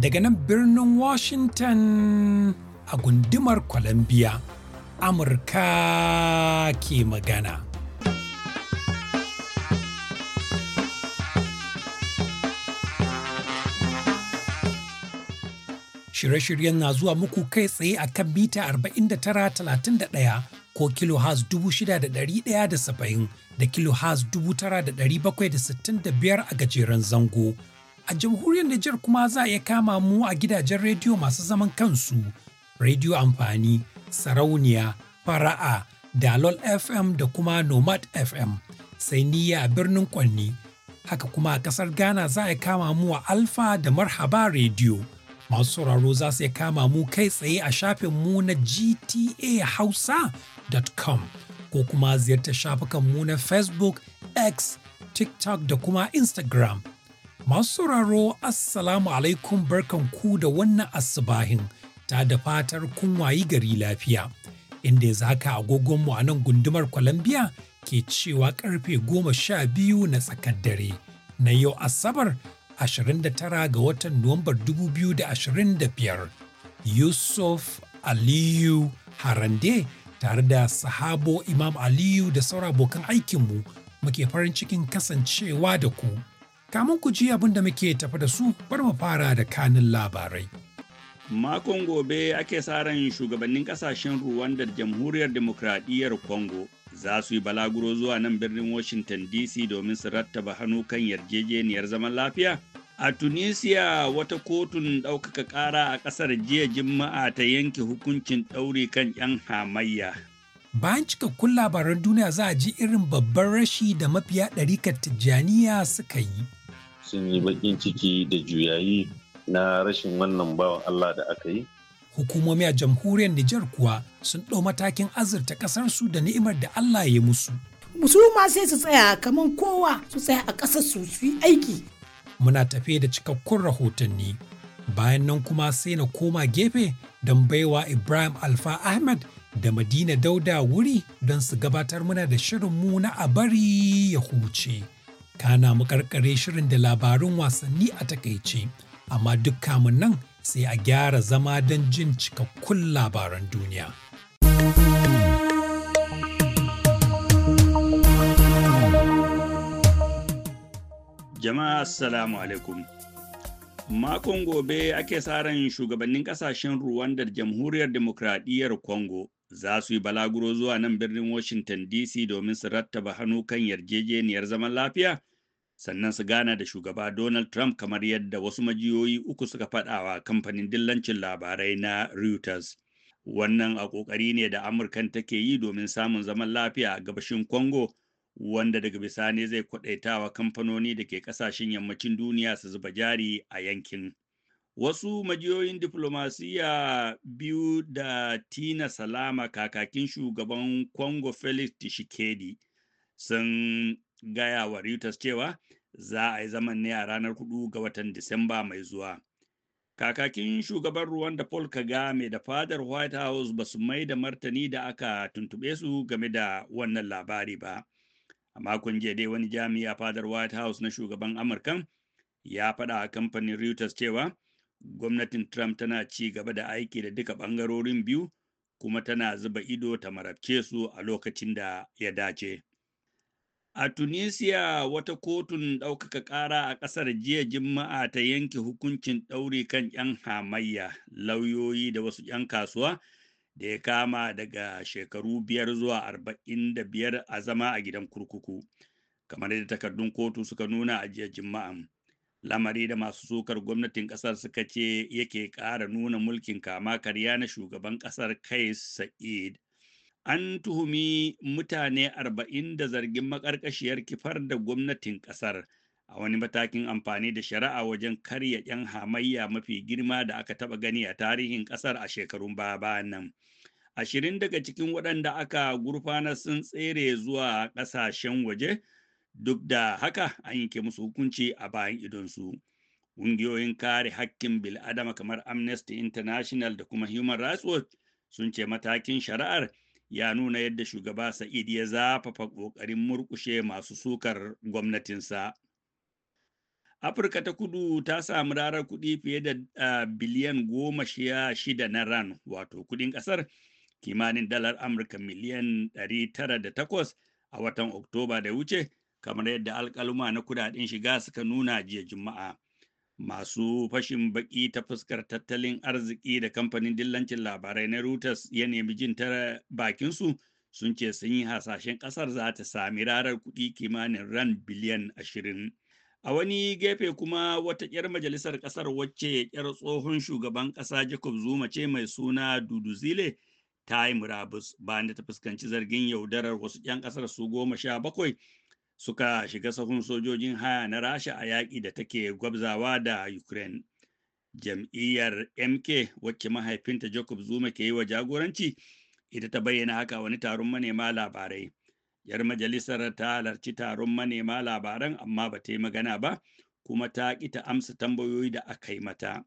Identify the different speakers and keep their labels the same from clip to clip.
Speaker 1: Daga nan birnin Washington a gundumar Columbia, Amurka ke magana. Shirye-shiryen na zuwa muku kai tsaye a kan mita 49, 31 ko dubu shida da da da da da saba'in dubu tara bakwai sittin da biyar a gajeren zango. A jamhuriyar Nijar kuma za a iya kama mu a gidajen rediyo masu zaman kansu, rediyo amfani, sarauniya, fara'a, dalol FM da kuma nomad FM, sai niyya a birnin Kwanni. Haka kuma a ƙasar Ghana za a kama mu a Alfa da Marhaba rediyo. masu sauraro za su iya kama mu kai tsaye a shafin mu na gtahausa.com ko kuma ziyartar shafukan mu na facebook x tiktok da kuma instagram masu sauraro assalamu alaikum barkan ku da wannan asubahin ta da fatar kun wayi gari lafiya inda ya haka agogonmu a nan gundumar columbia ke cewa karfe goma sha biyu na tsakar dare na yau asabar 29 ga watan Nuwambar 2025 Yusuf Aliyu Harande tare da sahabo Imam Aliyu da saura abokan aikinmu muke farin cikin kasancewa da ku. Kamun ku ji abin da muke tafi da su bar mu fara da kanin labarai.
Speaker 2: Makon gobe ake sa ran shugabannin kasashen Ruwanda da Jamhuriyar Demokradiyyar Congo za su yi balaguro zuwa nan birnin Washington DC domin su rattaba hannu kan yarjejeniyar zaman lafiya? A Tunisia wata kotun ɗaukaka ƙara a ƙasar jiya Juma'a ta yanke hukuncin ɗauri kan 'yan hamayya.
Speaker 1: Bayan cikakkun labaran duniya za a ji irin babban rashi da mafiya ɗarikar Tijjaniya suka yi.
Speaker 3: Sun yi baƙin ciki da juyayi na rashin wannan bawan Allah da aka yi.
Speaker 1: Hukumomi a jamhuriyar Nijar kuwa sun ɗau matakin azurta ƙasarsu da ni'imar da Allah ya musu. Musulma sai
Speaker 4: su tsaya kamar kowa su tsaya a ƙasar su yi aiki.
Speaker 1: Muna tafe da cikakkun rahotanni. Bayan nan kuma sai na koma gefe don baiwa Ibrahim Alfa Ahmed da Madina Dauda wuri don su gabatar muna da shirin mu na a bari ya huce. Kana mu karkare shirin da labarun wasanni a takaice, amma duk kamun nan sai a gyara zama don jin cikakkun labaran duniya.
Speaker 2: Jama'a Assalamu alaikum. Makon gobe ake sa shugabannin kasashen Rwanda da Jamhuriyar Demokradiyyar Congo za su yi balaguro zuwa nan birnin Washington DC domin su rattaba hannu kan yarjejeniyar zaman lafiya sannan su gana da shugaba Donald Trump kamar yadda wasu majiyoyi uku suka faɗawa kamfanin dillancin labarai na Reuters. Wannan a ƙoƙari ne da Amurkan take yi domin samun zaman lafiya a gabashin Congo, wanda daga bisani zai wa kamfanoni da ke ƙasashen yammacin duniya su zuba jari a yankin. Wasu majiyoyin diflomasiya biyu da Tina Salama kakakin shugaban Congo Felix Tshisekedi sun gaya wa Reuters cewa za a yi zaman ne a ranar 4 ga watan Disamba mai zuwa. Kakakin shugaban ruwan da Paul Kagame da fadar White House ba su mai da martani da aka tuntube su game da wannan labari ba. A makon jiya dai wani jami'a fadar White House na shugaban Amurkan ya faɗa a kamfanin Reuters cewa gwamnatin Trump tana ci gaba da aiki da duka ɓangarorin biyu kuma tana zuba ido ta marabce su a lokacin da ya dace. A Tunisia wata kotun ɗaukaka ƙara a ƙasar jiya Juma'a ta yanke hukuncin ɗauri kan 'yan hamayya, lauyoyi da wasu 'yan kasuwa da ya kama daga shekaru biyar zuwa arba'in da biyar a zama a gidan kurkuku. Kamar yadda takardun kotu suka nuna a jiya Juma'a. Lamari da masu sukar gwamnatin ƙasar suka ce yake ƙara nuna mulkin kama karya na shugaban ƙasar Kais Sa'id an tuhumi mutane arba'in da zargin makarkashiyar kifar da gwamnatin ƙasar a wani matakin amfani da shari'a wajen karya 'yan hamayya mafi girma da aka taɓa gani a tarihin ƙasar a shekarun baya nan. Ashirin daga cikin waɗanda aka gurfana sun tsere zuwa ƙasashen waje duk da haka an yanke musu hukunci a bayan idonsu. Ƙungiyoyin kare hakkin bil'adama kamar Amnesty International da kuma Human Rights Watch sun ce matakin shari'ar ya nuna yadda shugaba Sa'id ya zafafa ƙoƙarin murƙushe masu sukar gwamnatinsa. Afirka ta kudu ta samu rarar kuɗi fiye da uh, biliyan goma sha shida na ran wato kuɗin ƙasar kimanin dalar Amurka miliyan ɗari tara da takwas a watan Oktoba da wuce kamar yadda alƙaluma na kudaden shiga suka nuna jiya Juma'a. masu fashin baki ta fuskar tattalin arziki da kamfanin dillancin labarai na Reuters ya nemi jin tara bakinsu sun ce sun yi hasashen kasar za ta sami rarar kuɗi kimanin ran biliyan ashirin. A wani gefe kuma wata ƙyar majalisar ƙasar wacce ƙyar tsohon shugaban ƙasa Jacob Zuma ce mai suna Duduzile ta yi murabus bayan da ta fuskanci zargin yaudarar wasu 'yan ƙasar su goma sha bakwai suka shiga sahun sojojin haya na rasha a yaƙi da take gwabzawa da ukraine jam'iyyar mk wacce mahaifinta jacob zuma ke yi wa jagoranci ita ta bayyana haka wani taron manema labarai yar majalisar ta halarci taron manema labaran amma ba ta yi magana ba kuma ta ƙi ta amsa tambayoyi da aka yi mata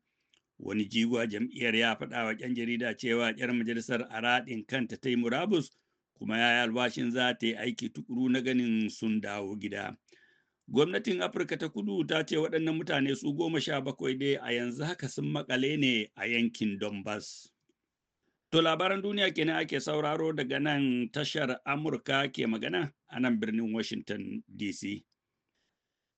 Speaker 2: wani jigo jam'iyyar ya faɗa wa 'yan jarida cewa yar majalisar a raɗin kanta ta yi murabus kuma ya yi albashin za ta yi aiki tukuru na ganin sun dawo gida. Gwamnatin Afirka ta kudu ta ce waɗannan mutane su goma sha bakwai dai a yanzu haka sun makale ne a yankin Donbass. To labaran duniya kenan ake sauraro daga nan tashar Amurka ke magana a nan birnin Washington DC.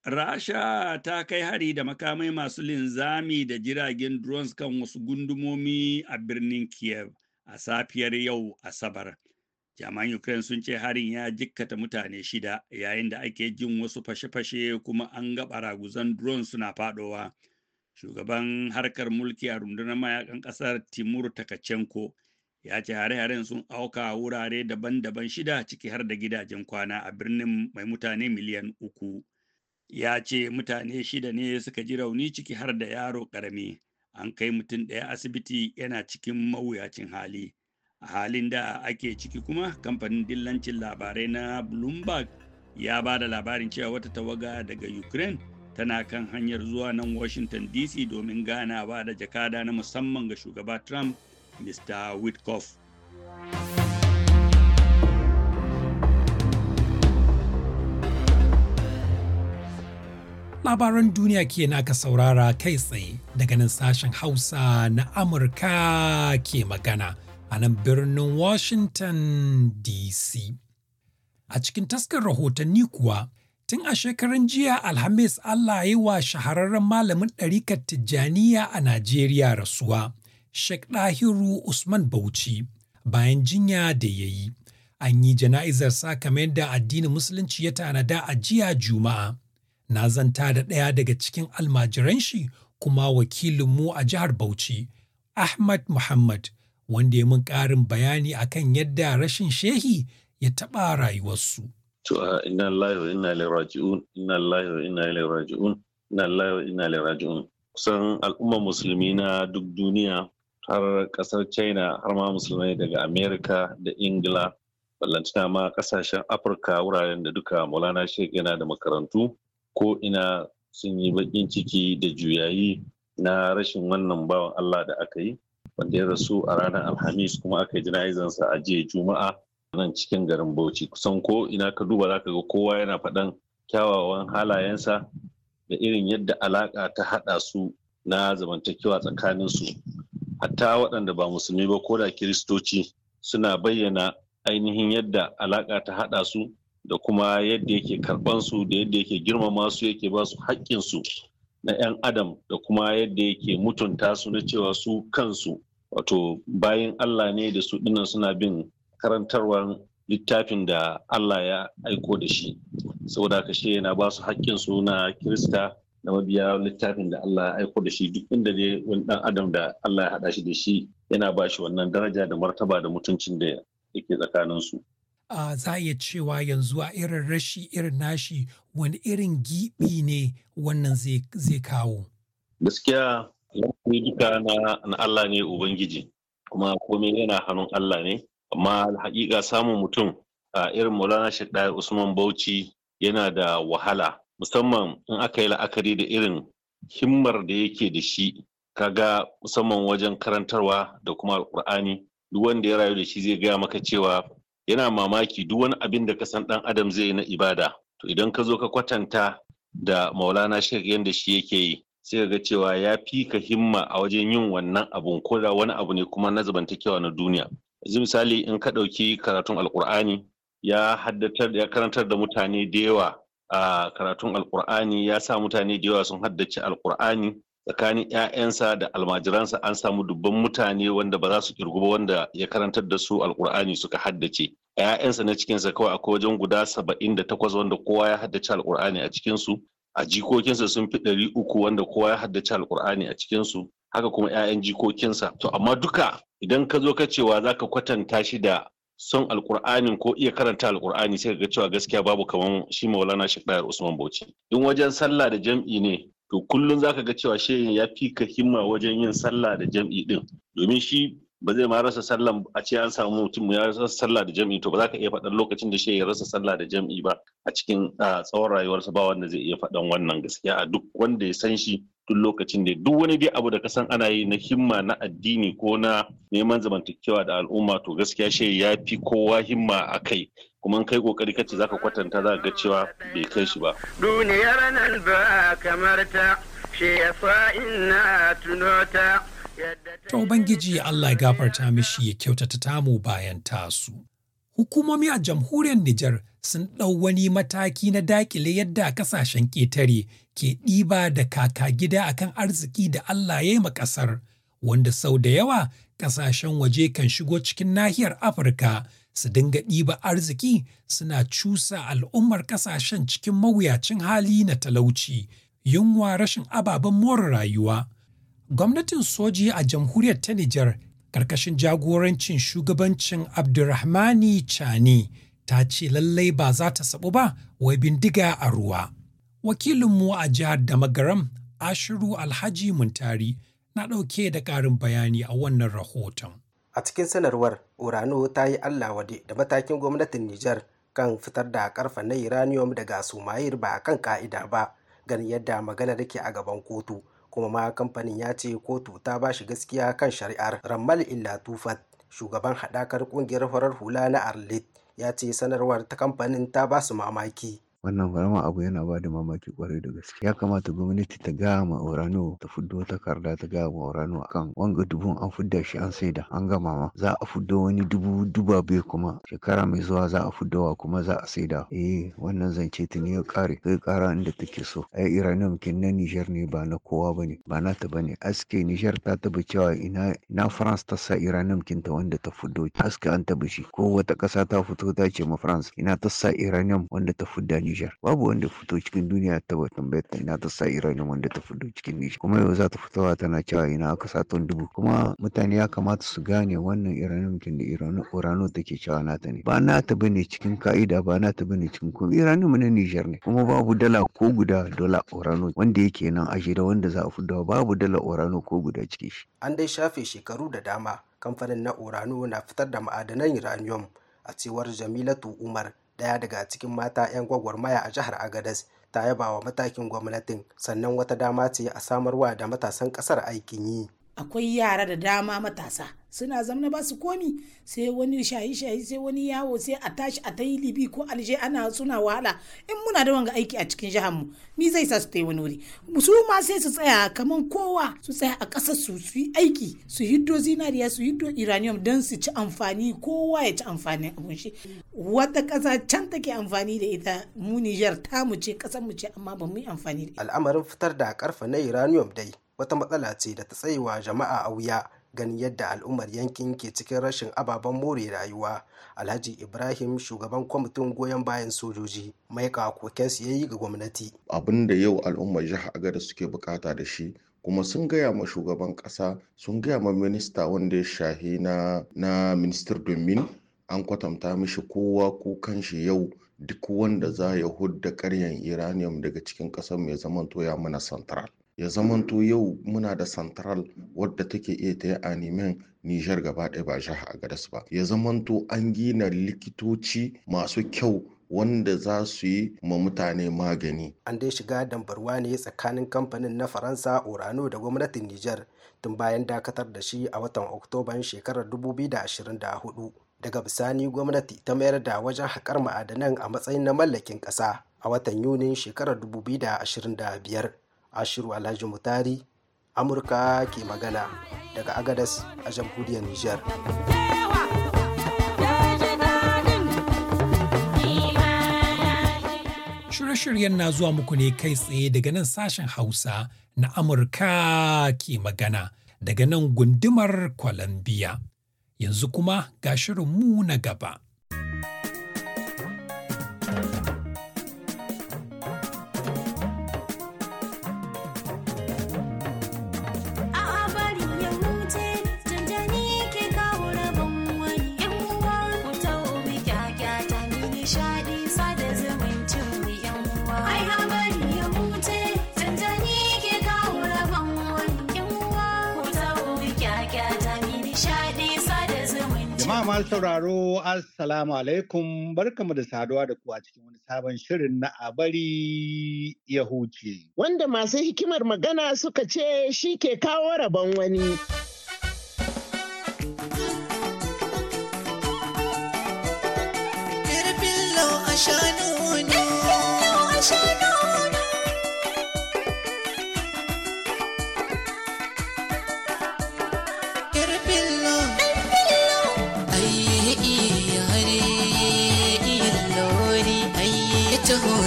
Speaker 2: Rasha ta kai hari da makamai masu linzami da jiragen drones kan wasu gundumomi a birnin Kiev a safiyar yau Asabar. jami'an ukraine sun ce harin ya jikkata mutane shida yayin da ake jin wasu fashe-fashe kuma an ga baraguzan drone suna fadowa shugaban harkar mulki a rundunar mayakan kasar timur takachenko ya ce hare-haren sun auka wurare daban-daban shida ciki har da gidajen kwana a birnin mai mutane miliyan uku ya ce mutane shida ne suka ji rauni ciki har da yaro karami an kai mutum ɗaya asibiti yana cikin mawuyacin hali a halin da ake ciki kuma kamfanin dillancin labarai na bloomberg ya ba da labarin cewa wata tawaga daga ukraine tana kan hanyar zuwa nan washington dc domin ganawa da jakada na musamman ga shugaba trump mr witkoff
Speaker 1: labaran duniya ke naka saurara kai tsaye daga nan sashen hausa na amurka ke magana a nan birnin Washington DC. A cikin taskar rahotanni kuwa, tun a shekaran jiya Alhamis Allah yi wa shahararren malamin ɗarikar Tijjaniya a Najeriya rasuwa, Sheikh Ɗahiru Usman Bauchi, bayan jinya da ya yi. An yi jana'izar sa kamar yadda addinin Musulunci ya tanada a jiya Juma'a. Na zanta da ɗaya daga cikin almajiran shi kuma wakilinmu a jihar Bauchi, Ahmad Muhammad, wanda ya mun ƙarin bayani akan yadda rashin shehi ya taɓa rayuwarsu.
Speaker 3: To a ina Allah wa inna raji'un ina Allah wa inna raji'un ina Allah wa inna raji'un kusan al'ummar musulmi na duk duniya har ƙasar China har ma musulmai daga Amerika da Ingila ballantana ma ƙasashen Afirka wuraren da duka Maulana Sheikh yana da makarantu ko ina sun yi baƙin ciki da juyayi na rashin wannan bawan Allah da aka yi wanda ya rasu a ranar alhamis kuma aka yi jana'izansa a jiya juma'a nan cikin garin bauchi kusan ko ina ka duba zaka ga kowa yana faɗan kyawawan halayensa da irin yadda alaƙa ta haɗa su na zamantakewa tsakanin su hatta waɗanda ba musulmi ba ko da kiristoci suna bayyana ainihin yadda alaƙa ta haɗa su da kuma yadda yake karɓan su da yadda yake girmama su yake ba su haƙƙin su na 'yan adam da kuma yadda yake mutunta su na cewa su kansu wato bayan Allah ne da su dinnan suna bin karantarwar littafin da Allah ya aiko da shi saboda haka shi yana ba su haƙƙin su na Kirista da mabiya littafin da Allah ya aiko da shi duk inda ne wani dan adam da Allah ya haɗa shi da shi yana ba shi wannan daraja da martaba da mutuncin da yake tsakanin su
Speaker 1: za a iya cewa yanzu a irin rashi irin nashi wani irin giɓi ne wannan zai kawo.
Speaker 3: Gaskiya yi duka na Allah ne ubangiji kuma komai yana hannun Allah ne amma hakika samun mutum a irin Maulana Shaddai Usman Bauchi yana da wahala musamman in aka yi la'akari da irin himmar da yake da shi kaga musamman wajen karantarwa da kuma alkur'ani duk wanda ya rayu da shi zai gaya maka cewa yana mamaki duk wani abin da ka san dan adam zai yi na ibada to idan ka zo ka kwatanta da maulana shek yadda shi yake yi sai ga cewa ya fi ka himma a wajen yin wannan abun ko da wani abu ne kuma na zamantakewa na duniya yanzu misali in ka ɗauki karatun alkur'ani ya haddatar ya karantar da mutane da yawa a karatun alkur'ani ya sa mutane da yawa sun haddace alkur'ani tsakanin 'ya'yansa da almajiransa an samu dubban mutane wanda ba za su kirgu ba wanda ya karantar da su alkur'ani suka haddace 'ya'yansa na cikinsa kawai akwai wajen guda saba'in da takwas wanda kowa ya haddace alkur'ani a cikinsu a jikokinsa sun fi ɗari uku wanda kowa ya haddace alkur'ani a cikinsu haka kuma 'ya'yan jikokinsa to amma duka idan ka zo ka cewa za ka kwatanta shi da son Alƙur'ani ko iya karanta alkur'ani sai ka ga cewa gaskiya babu kamar shi maulana shi ɗayar usman bauchi in wajen sallah da jam'i ne to kullum zaka ga cewa shehin ya fi ka himma wajen yin sallah da jam'i ɗin domin shi ba zai ma rasa sallan a ce an samu mutum ya rasa sallah da jam'i to ba za ka iya faɗan lokacin da shi ya rasa sallah da jam'i ba a cikin tsawon rayuwarsa ba wanda zai iya faɗan wannan gaskiya a duk wanda ya san shi duk lokacin da duk wani dai abu da ka san ana yi na himma na addini ko na neman zamantakewa da al'umma to gaskiya shi ya fi kowa himma a kai kuma kai kokari kace zaka kwatanta za ga cewa
Speaker 1: bai kai shi ba
Speaker 4: duniyar nan ba kamar ta shi ya sa ina
Speaker 1: tunota To Ubangiji Allah ya gafarta mishi ya kyautata tamu bayan tasu. Hukumomi a jamhuriyar Nijar sun ɗau wani mataki na dakile yadda kasashen ƙetare ke ɗiba da kaka gida akan arziki da Allah ya yi ma ƙasar, wanda sau da yawa kasashen waje kan shigo cikin nahiyar Afirka su dinga ɗiba arziki suna cusa al'ummar kasashen cikin mawuyacin hali na talauci, yunwa rashin ababen more rayuwa. gwamnatin soji a jamhuriyar ta Nijar karkashin jagorancin shugabancin Abdurrahmani Chani ta ce lallai ba za ta sabu ba wai bindiga a ruwa. Wakilinmu a jihar Damagaram Ashiru Alhaji Muntari na ɗauke da ƙarin bayani a wannan rahoton.
Speaker 4: A cikin sanarwar, Urano ta yi Allah wade da matakin gwamnatin Nijar kan fitar da karfa na uranium daga Sumayir ba kan ka'ida ba, ganin yadda maganar ke a gaban kotu. kuma ma kamfanin ya ce kotu ta ba shi gaskiya kan shari'ar rammal illa tufat shugaban haɗakar ƙungiyar farar hula na arlit ya ce sanarwar ta kamfanin ta ba su mamaki
Speaker 5: wannan vraiment abu yana ba da mamaki ƙwarai da gaske ya kamata gwamnati ta gaya ma Orano ta fiddo takarda ta gaya ma Orano kan wanga dubun an fidda shi an saida an gama ma za a fiddo wani dubu dubabe kuma shekara mai zuwa za a fiddowa kuma za a saida eh wannan zance ne ya kare kai kara inda take so ai Iranium kin na Niger ne ba na kowa bane ba na ta bane aske Niger ta taba cewa ina na France ta sa Iranium kin ta wanda ta fiddo aske an taba shi ko wata ƙasa ta fito ta ce ma France ina ta sa Iranium wanda ta fidda ni Nijar. Babu wanda fito cikin duniya ta ba tambayar ta ina ta sa Iranium wanda ta fito cikin Nijar. Kuma yau za ta fitowa tana cewa ina aka sa ton dubu. Kuma mutane ya kamata su gane wannan Iranium tun da Urano take cewa nata ne. Ba nata bane cikin ka'ida ba nata bane cikin komai. Iranium na Nijar ne. Kuma babu dala ko guda dala Urano wanda yake nan a da wanda za a fitowa babu dala Urano ko guda ciki. shi.
Speaker 4: An dai shafe shekaru da dama kamfanin na Urano na fitar da ma'adanan uranium a cewar Jamilatu Umar daya daga cikin mata 'yan gwagwarmaya a jihar agadas ta yaba wa matakin gwamnatin sannan wata dama ce a samarwa da matasan kasar aikin yi akwai yara da dama matasa suna zamana ba su komi sai wani shayi-shayi sai wani yawo sai a tashi a ta yi libi ko alje ana suna wahala in muna da wanga aiki a cikin jihar mu ni zai sa su ta yi wani wuri su ma sai su tsaya kamar kowa su tsaya a ƙasa su yi aiki su hiddo zinariya su hiddo iranium don su ci amfani kowa ya ci amfani abun shi wata ƙasa can take amfani da ita mu Nijar ta mu ce ƙasar mu ce amma ba mu yi amfani da al'amarin fitar da karfa na uranium dai wata matsala ce da ta tsayewa jama'a a wuya ganin yadda al'ummar yankin ke cikin rashin ababen more rayuwa alhaji ibrahim shugaban kwamitin goyon bayan sojoji mai kakokin su yayi ga gwamnati
Speaker 6: abin da yau al'ummar jihar agada suke bukata da shi kuma sun gaya ma shugaban kasa sun gaya ma minista wanda ya shahi na na minister domin an kwatanta mishi kowa kukan shi yau duk wanda za ya hudda karyan iranium daga cikin kasar mai zaman toya mana central ya zamanto yau muna da santral wadda take iya ta yi animen nijar gaba ɗaya ba a gadas ba ya zamanto an gina likitoci masu kyau wanda za su yi ma mutane magani.
Speaker 4: An dai shiga dambarwa ne tsakanin kamfanin na Faransa Orano da gwamnatin Nijar tun bayan dakatar da shi a watan oktoba shekarar 2024. Daga bisani gwamnati ta mayar da wajen haƙar ma'adanan a matsayin na mallakin ƙasa a watan Yunin shekarar 2025. ashiru alhaji mutari amurka ke magana daga agadas a jamhuriyar nijar.
Speaker 1: Shirye-shiryen na zuwa muku ne kai tsaye daga nan sashen Hausa na Amurka ke magana daga nan gundumar Columbia. Yanzu kuma ga shirin mu na gaba.
Speaker 7: masu sauraro assalamu alaikum barkamu da saduwa da ku a cikin wani sabon shirin na
Speaker 8: abari
Speaker 7: ya huce.
Speaker 8: Wanda masu hikimar magana suka ce shi ke kawo rabon wani.
Speaker 9: Shine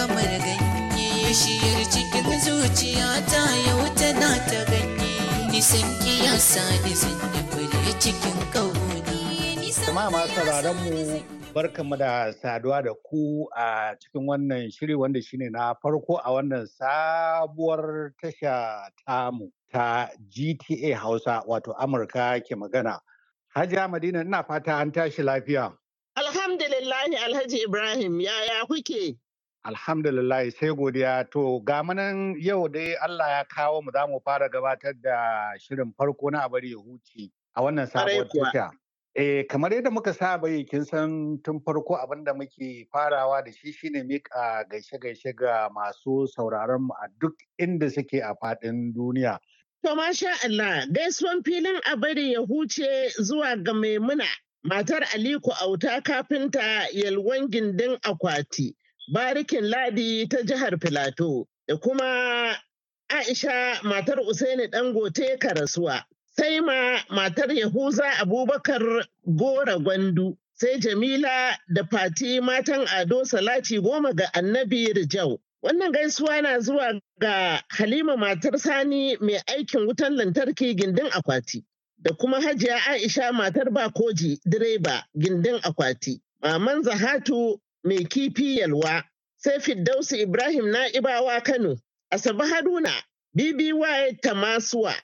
Speaker 9: kamar ganye shiyar cikin zuciya ta yau tana ta ganye nisan sa nisan ya fure
Speaker 7: cikin kauni jama'a ma sauraron mu barkamu da saduwa da ku a cikin wannan shiri wanda shine na farko a wannan sabuwar tasha tamu ta GTA Hausa wato Amurka ke magana. Hajiya Madina ina fata an tashi lafiya. Alhamdulillahi Alhaji Ibrahim yaya kuke? Alhamdulillah sai godiya to ga manan yau dai Allah ya kawo mu za mu fara gabatar da shirin farko na abar ya huce a wannan sabon tasha. Eh kamar yadda muka saba yi kin san tun farko abinda muke farawa da shi shine mika gaishe-gaishe ga masu sauraron mu a duk inda suke a faɗin duniya.
Speaker 8: To masha Allah gaisuwan filin abar ya huce zuwa ga Maimuna matar Aliko Auta kafinta yalwan gindin akwati. barikin ladi ta jihar Filato da kuma Aisha matar Usaini Dangote Karasuwa. Sai ma matar Yahuza Abubakar Gora Gwandu, sai Jamila da Fati matan Ado Salati goma ga Annabi Rijau. Wannan gaisuwa na zuwa ga Halima matar Sani mai aikin wutan lantarki gindin akwati, da kuma Hajiya Aisha matar Bakoji direba gindin akwati. Maman Zahatu mai kifi yalwa, sai fiddausu Ibrahim Na'ibawa Kano, Asabe Haruna, BBY Tamasuwa,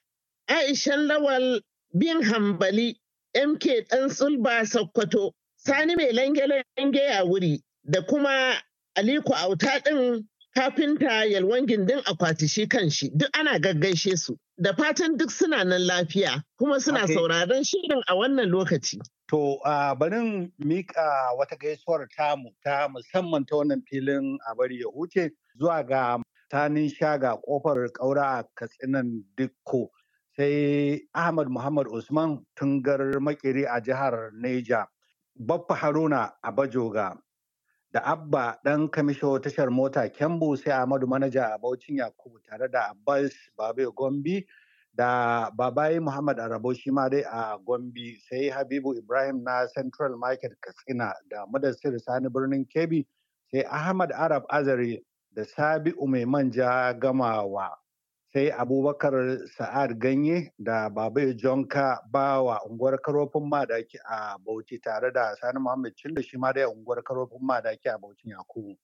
Speaker 8: Aishan Lawal Bin Hambali, MK Ɗan Tsulba Sokoto, Sani Mai Lange-Lange a wuri, da kuma Aliko Auta ɗin kafinta yalwan gindin akwati shi kan shi, duk ana gaggaishe su. da fatan duk suna nan lafiya kuma suna okay. sauraron shirin a wannan lokaci. To uh, barin
Speaker 7: mika uh, wata gaisuwar tamu ta musamman ta wannan filin a bari ya huce zuwa ga tanin shaga kofar kaura a katsinan dukko sai Ahmad Muhammad Usman tungar makiri a jihar Neja. Baffa Haruna a Bajoga da abba ɗan kamisho tashar mota kyambu sai ahmadu manaja a baucin yakubu tare da abbas babe gombi da babayi muhammad arabo shi ma dai a gombi sai habibu ibrahim na central market katsina da madassir sani birnin kebi sai ahmad arab azari da sabi'u mai manja gamawa sai abubakar sa'ad ganye da Baba jonka bawa unguwar karofin madaki a bauchi tare da sani muhammad cillo shi ma dai unguwar karofin madaki a bauchin yakubu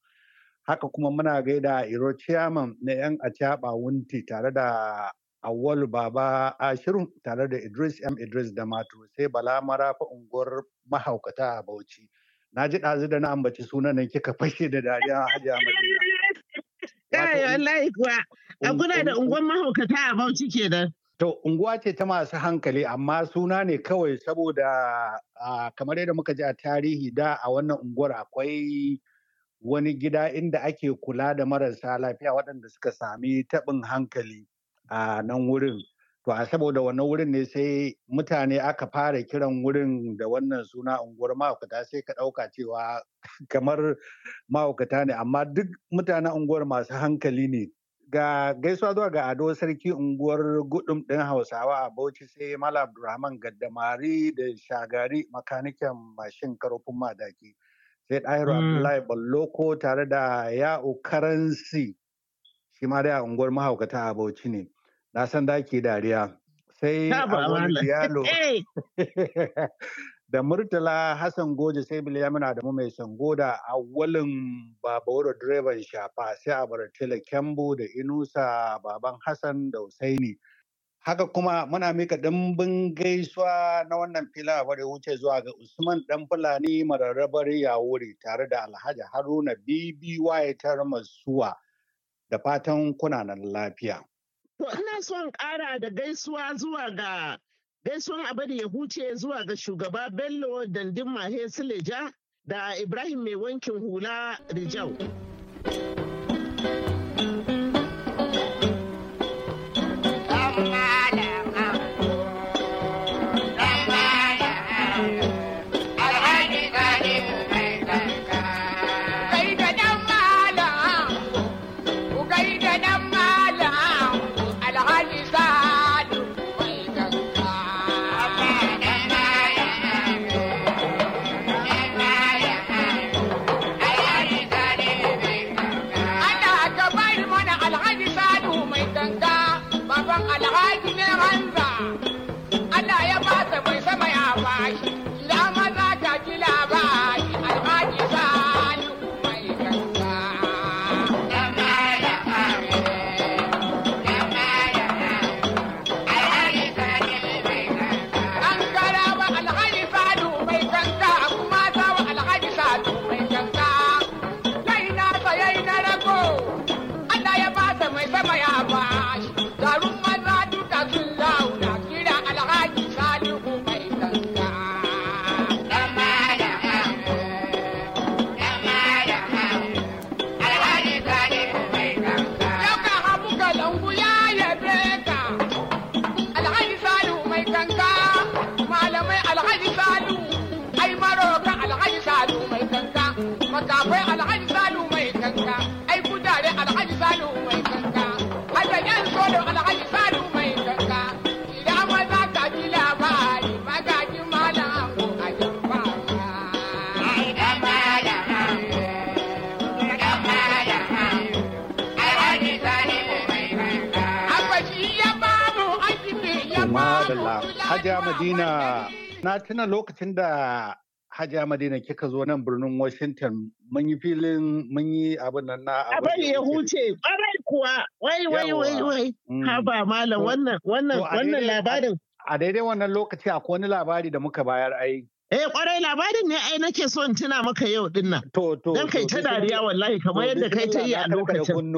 Speaker 7: haka kuma muna gaida iro chairman na yan acaba wunti tare da awol baba ashiru tare da idris m idris da Matu sai bala marafa unguwar mahaukata a bauchi na ji ɗazu da na ambaci sunan kika fashe da dariya hajiya madina A kuna da unguwar mahaukata a Bauchi kenan. To unguwa ce ta masu hankali amma suna ne kawai saboda kamar yadda muka ji a tarihi da a wannan unguwar akwai wani gida inda ake kula da marasa lafiya waɗanda suka sami taɓin hankali a nan wurin. To a saboda wannan wurin ne sai mutane aka fara kiran wurin da wannan suna unguwar ma'aukata, sai ka ɗauka cewa kamar mahaukata ne amma duk mutanen unguwar masu hankali ne. Ga gaisuwa zuwa ga Ado Sarki unguwar gudum ɗin Hausawa a Bauchi sai Malam Abdulrahman Gaddamari da Shagari makanikin mashin karofin madaki. Sai Ɗahiru mm. Abdullahi Balloko tare da Ya'u Karansi shi ma dai a unguwar mahaukata a Bauchi ne. na san da ke dariya sai Diallo da Murtala Hassan Goje sai Bilyamin Adamu mai sango da awalin da direban shafa sai a baratila Kyambo da Inusa Baban Hassan da Usaini. Haka kuma muna mika dimbin gaisuwa na wannan fila ya wuce zuwa ga Usman ɗan Fulani mararrabar Yawuri tare da Alhaji Haruna BBY ta Masuwa da fatan kuna nan lafiya.
Speaker 8: To ina son ƙara da gaisuwa zuwa ga gaisuwan abadi ya huce zuwa ga shugaba Bello Dandin Mahe Sileja da Ibrahim mai wankin hula Rijau.
Speaker 7: Madina, na tuna lokacin da Hajiya Madina kika zo nan birnin Washington mun yi filin mun yi abin nan na abin bari ya huce kwarai kuwa wai wai wai wai mm. ba malam wannan wannan wannan labarin a daidai wannan lokaci akwai wani labari da muka bayar ai Eh kwarai labarin ne
Speaker 8: ai nake so in tuna maka yau dinnan To to. Dan kai ta dariya wallahi kamar yadda kai ta yi a lokacin.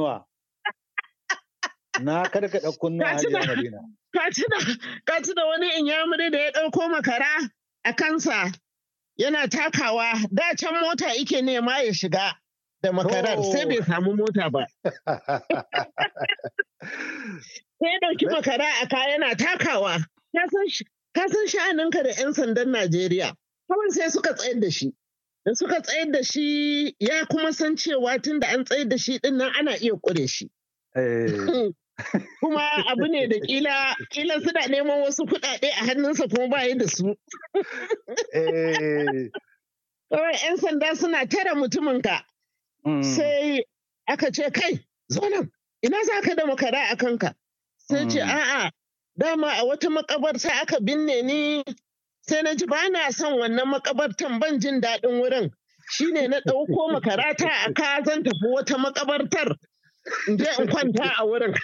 Speaker 8: Na da kunna Hajiya Madina. Ka ci da wani inyamuri da ya ɗauko makara a kansa yana takawa da can mota ike nema ya shiga da makarar sai bai samu mota ba. Sai ɗauki makara a ka yana takawa. Ka san sha'aninka da 'yan sandan Najeriya. Kawai sai suka tsayar da shi. Da suka tsayar da shi ya kuma san cewa tun da an tsayar da shi ɗin nan ana iya ƙure shi. Eh. Kuma abu ne da kila kila suna neman wasu kuɗaɗe a hannunsa kuma ba da su. Eh. Kawai 'yan sanda suna tara mutumin ka. Mm. Sai aka ce kai zo nan ina za ka da makara a kanka. Sai ce mm. a'a dama a wata makabarta aka binne ni sai na ji ba na son wannan makabartan ban jin daɗin wurin. shine na ɗauko makarata a ka zan tafi wata makabartar je in kwanta a wurin.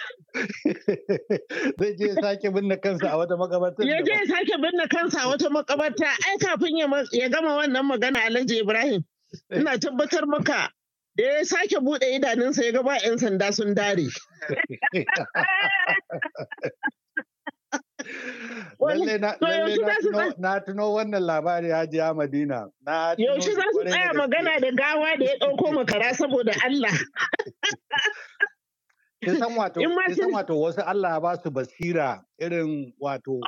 Speaker 7: Zai je sake binne kansa a wata makabarta. Ya je
Speaker 8: sake binne kansa a wata makabarta ai kafin ya gama wannan magana Alhaji Ibrahim. Ina tabbatar maka da ya sake buɗe idanunsa ya gaba 'yan sanda sun dare.
Speaker 7: lalle na na tuno wannan labari Hajiya Madina. Yaushe za su tsaya magana da gawa da ya ɗauko makara saboda Allah. Kin san wato wasu Allah ba su basira irin wato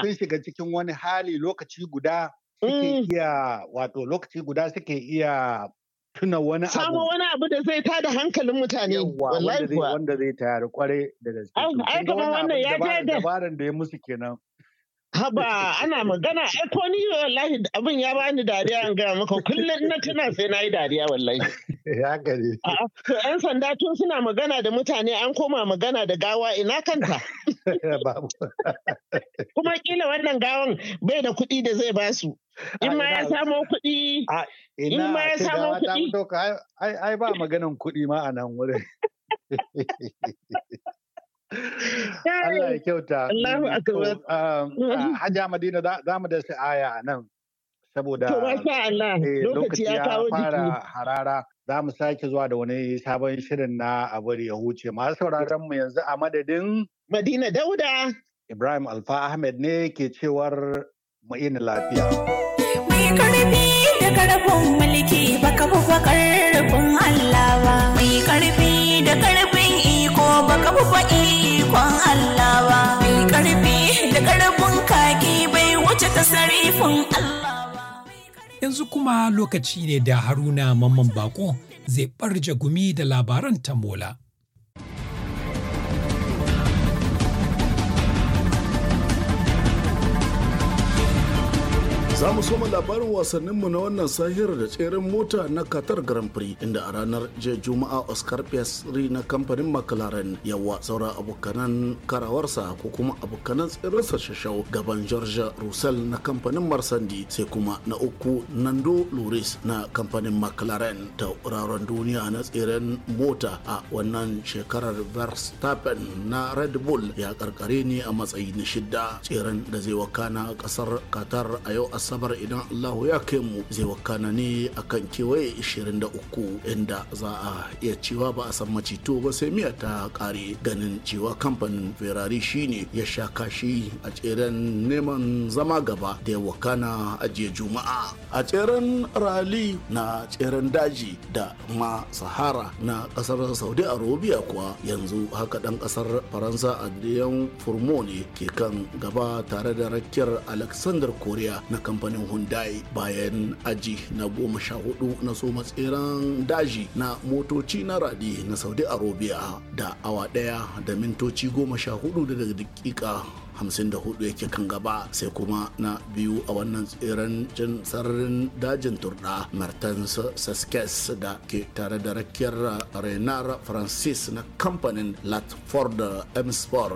Speaker 7: sun shiga cikin wani hali lokaci guda suke mm. iya wato lokaci guda suke iya tuna wani abu. Samu wani abu
Speaker 8: da zai tada hankalin mutane. Wanda zai tayar kwarai da gaske. Ai wannan ya tada. Dabarin da ya musu kenan. Haba ana magana ai ko ni wallahi abin ya bani dariya an gaya maka kullum na tuna sai na yi dariya wallahi. Ya gari. Yan sanda tun suna magana da mutane an koma magana da gawa ina kanta. Kuma kila wannan gawan bai da kuɗi da zai basu. In ma ya samo kuɗi. In ma ya samo kuɗi. Ai ba maganan kuɗi ma a nan wurin.
Speaker 7: Allah ya kyauta. ya kyauta. Hajja Madina za mu da aya nan saboda eh, lokaci ya fara harara za mu sake zuwa da wani sabon shirin na da ya huce masu sauraron mu yanzu a madadin Madina Dauda Ibrahim Alfa Ahmed ne ke cewar mu lafiya. Mai karfi
Speaker 9: da karfin mulki baka buga karfin
Speaker 1: Yanzu kuma lokaci ne da Haruna Mamman Bako zai ɓarje gumi da labaran tambola.
Speaker 6: Za mu soma labarin wasannin mu na wannan sahiyar da tseren mota na Qatar Grand Prix inda a ranar jiya Juma'a Oscar Piastri na kamfanin McLaren yawa saura abokanan karawarsa ko kuma abokanan tserensa shashau gaban George Russell na kamfanin Marsandi sai kuma na uku Nando Loris na kamfanin McLaren tauraron duniya na tseren mota a wannan shekarar Verstappen na Red Bull ya karkare ne a matsayi na shidda tseren da zai wakana kasar Qatar a yau asabar idan allahu ya kai mu zai wakana ne a kan kewaye 23 inda za a iya cewa ba a san macito ba sai miya ta kare ganin cewa kamfanin ferrari shine ya sha kashi a tseren neman zama gaba da ya wakana a jiya juma'a a tseren rali na tseren daji da ma sahara na kasar saudi arabia kuwa yanzu haka dan kasar faransa a furmo ne ke kan gaba tare da rakiyar alexander korea na kamfanin kamfanin hundai bayan aji na goma sha hudu na soma tseren daji na motoci na radi na Saudi Arabia da awa daya da mintoci goma sha hudu da dakika da 54 yake kan gaba sai kuma na biyu a wannan tseren cin sararin dajin turda martens saskes da ke tare da rakiyar renar francis na kamfanin latford m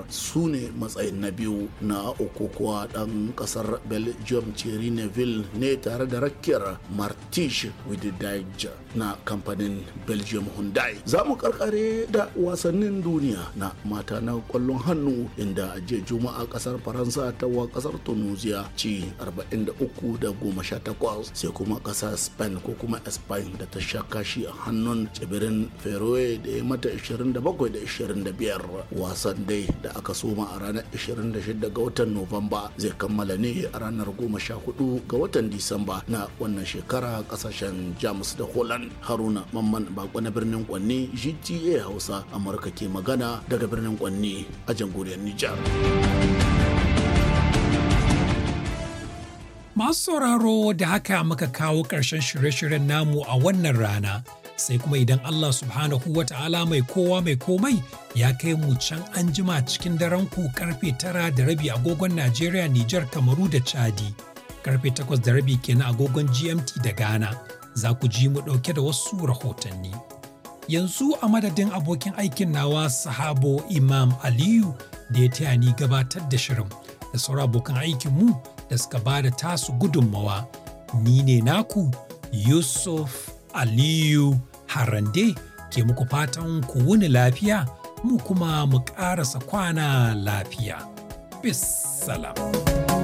Speaker 6: su ne matsayin na biyu na uku kuwa dan kasar belgium cherry neville ne tare da rakiyar martish wididige na kamfanin belgium hyundai za mu karkare da wasannin duniya na mata na kwallon hannu inda jiya juma'a kasar faransa ta wa kasar tunisia ci 43 da 18 sai kuma kasar spain ko kuma spain da ta sha kashi a hannun tsibirin feroe da ya mata 27 da 25 wasan dai da aka soma a ranar 26 ga watan nuwamba zai kammala ne a ranar 14 ga watan disamba na wannan shekara kasashen jamus da holland haruna mamman bako na birnin kwanne gta hausa amurka ke magana daga birnin kwanne a jamhuriyar nijar
Speaker 1: Masu sauraro da haka muka kawo ƙarshen shirye-shiryen namu a wannan rana. Sai kuma idan Allah subhanahu wa ta'ala mai kowa mai komai ya kai mu can anjima cikin daren ku karfe tara da rabi agogon Najeriya, Nijar, Kamaru da Chadi. Karfe takwas da rabi kenan agogon GMT da Ghana. Za ku ji mu ɗauke da wasu rahotanni. Yanzu a madadin abokin aikin nawa sahabo Imam Aliyu da ya taya ni gabatar da shirin. Da sauran abokan aikin mu da suka ba da tasu gudunmawa ni ne naku yusuf aliyu harande ke muku fatan ku wuni lafiya mu kuma mu ƙarasa kwana lafiya bis salam